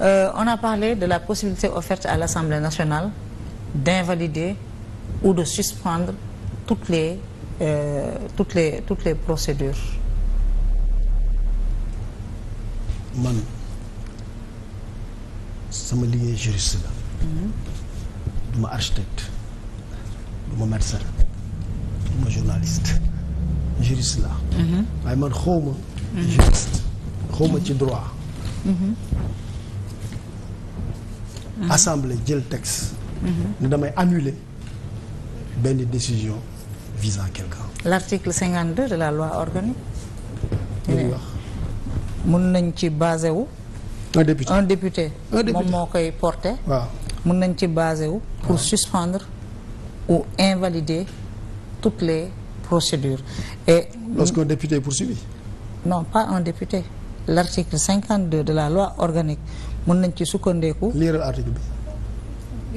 Euh, on a parlé de la possibilité offerte à l'Assemblée nationale d'invalider ou de suspendre toutes les, euh, toutes les, procédures. man sama liggéey juriste la. Mhm. du ma architecte du ma journaliste juriste la. Mhm. waaye man xawma mhm. juriste xawma ci droit. assemblée jël texte. Mhm. ne damay annuler benn décision visant quelqu'un. l'article cinquante de la loi organique. mun nañ ci basé wu. un député un député. moom moo koy porté. waaw mun nañ ci basé wu. pour suspendre ou invalider toutes les procédures et. lorsqu'un député est poursuivi. non pas un député l'article cinquante deux de la loi organique. mën nañ ci sukkandeeku. liiral article bi.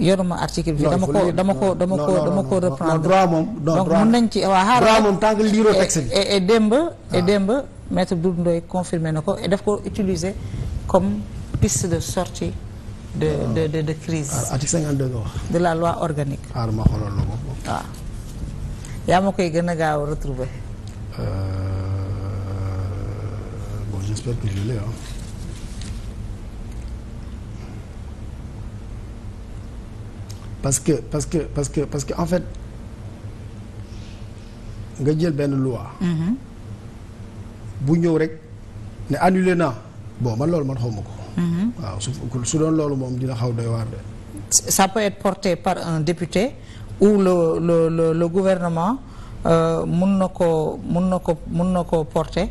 yoruma article bi. dama ko dama ko dama ko dama ko reprendre. droit moom donc mën nañ ci waa xaaral. moom tant liiroo texte bi. démb et ah. démb maître confirmé na ko def daf ko utiliser comme piste de sortie de ah. de de de crise. Ah, article de la loi organique. xaaral ko. yaa ma koy gën a gaaw a parce que parce que parce que parce que en fait nga jël benn loi. Mm-hmm. bu ñëw rek ne annulé naa bon man loolu man xaw ko. Mm-hmm. waaw su doon loolu moom dina xaw doy waar de. ça peut être porté par un député ou le le le, le gouvernement euh, mun na ko mun na ko mun na ko porter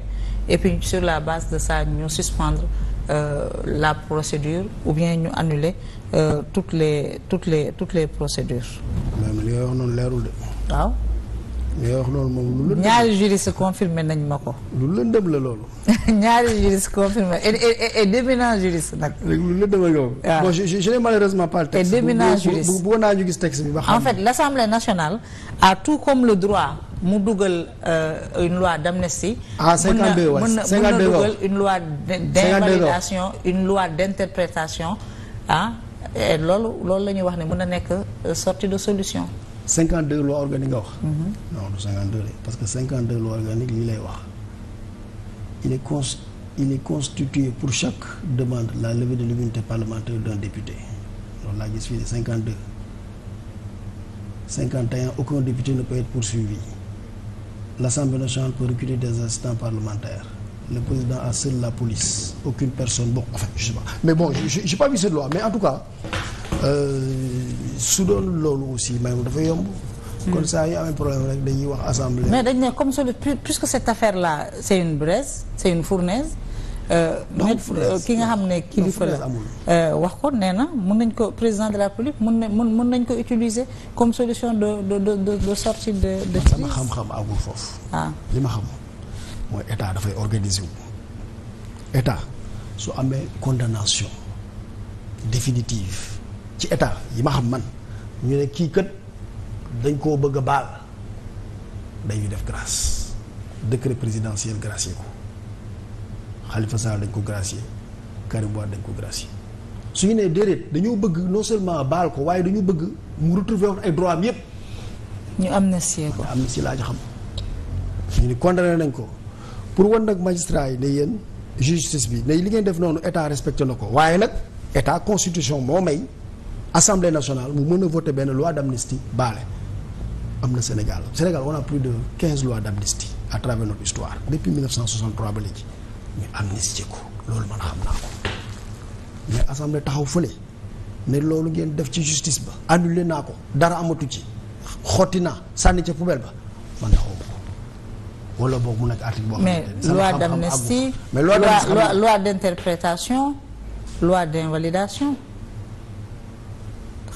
et puis sur la base de ça ñu suspendre. Euh, la procédure ou bien ñu annuler euh, toutes les toutes les toutes les procédures. même li nga wax noonu leerul de. waaw. li nga wax noonu moom lu lëndëm ñaari juriste confirmé nañ ma ko. lu lëndëm la loolu. ñaari juriste confirmé et et et d'éminents juristes nag. lu lëndëm la yow. waaw bon je je n'ai malheureusement pas le texte. et d'éminents juristes bu bu bu naa ñu gis texte bi ba xam. en fait l'Assemblée nationale a tout comme le droit. mu dugal euh, une loi d'amnistie. ah 52 waay 52 mën na dugal une loi d'invalidation une loi d'interprétation ah loolu loolu la ñuy wax ne mën na nekk euh, sortie de solution. 52 loi organique nga wax. Mhm. non du 52 parce que 52 loi organique lii lay wax il est con il est pour chaque demande la levée de l'immunité parlementaire d'un député loolu laa gis fii de 52 51 aucun député ne peut être poursuivi. l'Assemblée nationale peut reculer des assistants parlementaires. Le président à seul la police. Aucune personne. Bon, enfin, je sais pas. Mais bon, j'ai pas vu cette loi. Mais en tout cas, euh, su doon loolu aussi may dafa yomb. kon hmm. saa yu amee problème rek dañuy wax assemblée. mais dañ ne comme ça puisque cette affaire là c'est une braise c'est une fournaise. Euh, donc euh, ki nga xam ne kilifa la euh, wax ko nee na mën nañ ko président de la République mën na mën mën nañ ko utiliser comme solution de de de de de sortie de de crise sama xam-xam agul foofu ah li ma xam mooy état dafay organiser wu état su amee condamnation définitive ci état yi ma xam man ñu ne kii kat dañ koo bëgg a baal dañuy def grâce décret présidentiel gracier ko Khalifa Sall dañ ko gracier Karim Wade dañ ko gracier su ñu nee déedéet dañoo bëgg non seulement baal ko waaye dañu bëgg mu retrouver ay droit am yëpp ñu amnistie ko amnistie laa ci xam ñu ni condamné nañ ko pour wan nag magistrat yi ne yéen justice bi ne li ngeen def noonu état respecté na ko waaye nag état constitution moo may assemblée nationale mu mën a voter benn loi d'amnistie baale am na Sénégal Sénégal on a plus de quinze lois d'amnistie à travers notre histoire depuis 1963 ñu amnistie ko loolu man xam naa ko mais assemblée taxaw fële ne loolu ngeen def ci justice ba annulé naa ko dara amatu ci xotti naa sànni ca poubelle ba man taxaw ko wala boog mu nekk article boo xam ne loi d'amnistie mais loi loi d'interprétation loi d'invalidation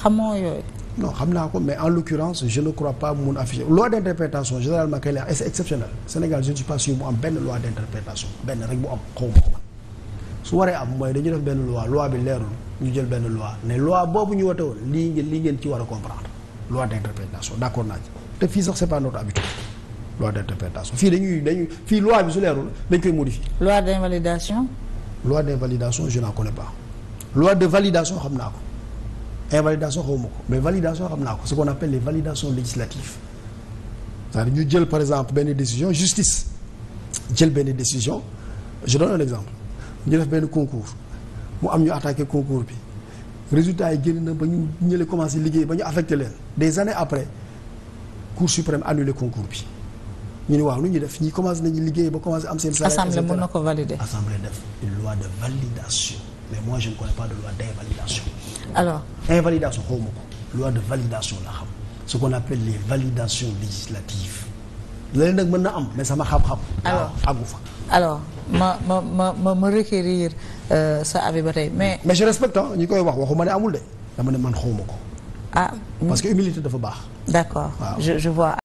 xamoo yooyu non xam naa ko mais en l'occurrence je ne crois pas mun affiché loi d'interprétation généralement kay la c'est exceptionnel Sénégal je ne mu am benn loi d'interprétation benn rek mu am xaw ma ko su waree am mooy dañu def benn loi loi bi leerul ñu jël benn loi ne loi boobu ñu wote woon lii ngeen li ngeen ci war a comprendre loi d'interprétation d'accord naa ci te fii sax c'est pas notre habitude loi d'interprétation fii dañuy dañuy fii loi bi su leerul dañ koy modifier. loi d'invalidation. loi d'invalidation je de validation xam naa ko. invalidation xawma ko mais validation xam naa ko ce qu'on appelle les validations législatives ñu jël par exemple benn décision justice jël benn décision je donne un exemple ñu def benn concours mu am ñu attaqué concours bi résultat yi génn na ba ñu ñële commencé liggéey ba ñu affecté leen des années après cour suprême annulé concours bi ñu ne waaw lu ñu def ñi commencé nañu liggéey ba commencé am seen salaire assemblée mën na ko valider assemblée def une loi de validation mais moi je ne connais pas de loi d'invalidation. alors invalidation xawma oh, ko loi de validation la xam ce qu'on appelle les validations législatives leneen nag mën na am mais sama xam-xam. alors àggu fa. alors ma ma ma ma ma requérir euh, sa avis ba tey mais. mais je respecte ñi koy wax waxuma ne amul de dama ne man xawma ko. ah parce que mm. humilité dafa baax. d'accord je je vois.